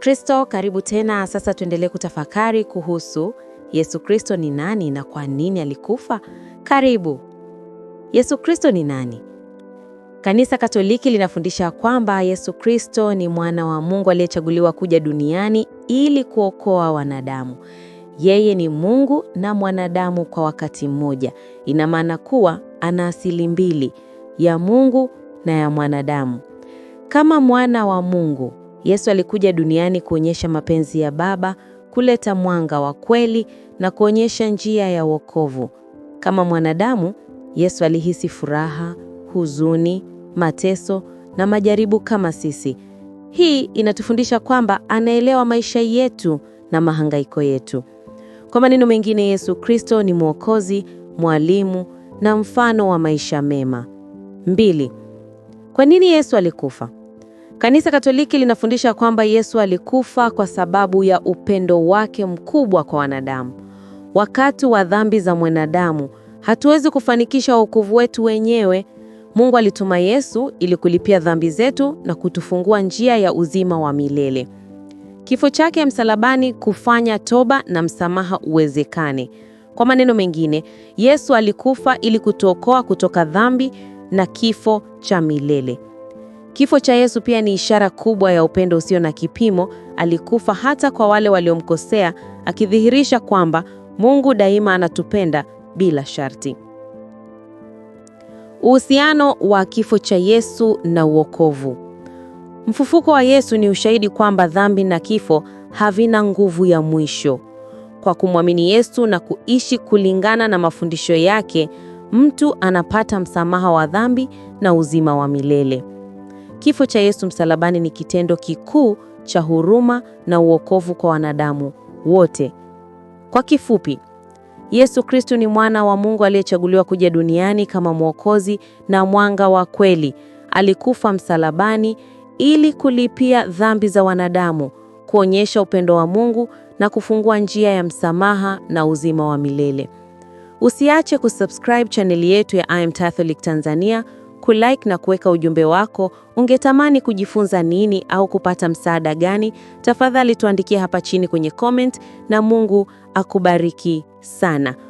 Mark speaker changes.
Speaker 1: Kristo, karibu tena. Sasa tuendelee kutafakari kuhusu Yesu Kristo ni nani na kwa nini alikufa. Karibu. Yesu Kristo ni nani? Kanisa Katoliki linafundisha kwamba Yesu Kristo ni mwana wa Mungu aliyechaguliwa kuja duniani ili kuokoa wanadamu. Yeye ni Mungu na mwanadamu kwa wakati mmoja. Ina maana kuwa ana asili mbili, ya Mungu na ya mwanadamu. Kama mwana wa Mungu, Yesu alikuja duniani kuonyesha mapenzi ya Baba, kuleta mwanga wa kweli na kuonyesha njia ya wokovu. Kama mwanadamu, Yesu alihisi furaha, huzuni, mateso na majaribu kama sisi. Hii inatufundisha kwamba anaelewa maisha yetu na mahangaiko yetu. Kwa maneno mengine, Yesu Kristo ni Mwokozi, mwalimu na mfano wa maisha mema. Mbili, kwa nini Yesu alikufa? Kanisa Katoliki linafundisha kwamba Yesu alikufa kwa sababu ya upendo wake mkubwa kwa wanadamu. Wakati wa dhambi za mwanadamu, hatuwezi kufanikisha wokovu wetu wenyewe. Mungu alituma Yesu ili kulipia dhambi zetu na kutufungua njia ya uzima wa milele. Kifo chake msalabani kufanya toba na msamaha uwezekane. Kwa maneno mengine, Yesu alikufa ili kutuokoa kutoka dhambi na kifo cha milele. Kifo cha Yesu pia ni ishara kubwa ya upendo usio na kipimo. Alikufa hata kwa wale waliomkosea, akidhihirisha kwamba Mungu daima anatupenda bila sharti. Uhusiano wa kifo cha Yesu na uokovu. Mfufuko wa Yesu ni ushahidi kwamba dhambi na kifo havina nguvu ya mwisho. Kwa kumwamini Yesu na kuishi kulingana na mafundisho yake, mtu anapata msamaha wa dhambi na uzima wa milele. Kifo cha Yesu msalabani ni kitendo kikuu cha huruma na uokovu kwa wanadamu wote. Kwa kifupi, Yesu Kristo ni mwana wa Mungu aliyechaguliwa kuja duniani kama mwokozi na mwanga wa kweli. Alikufa msalabani ili kulipia dhambi za wanadamu, kuonyesha upendo wa Mungu na kufungua njia ya msamaha na uzima wa milele. Usiache kusubscribe chaneli yetu ya I am Catholic Tanzania kulike na kuweka ujumbe wako. Ungetamani kujifunza nini au kupata msaada gani? Tafadhali tuandikie hapa chini kwenye comment, na Mungu akubariki sana.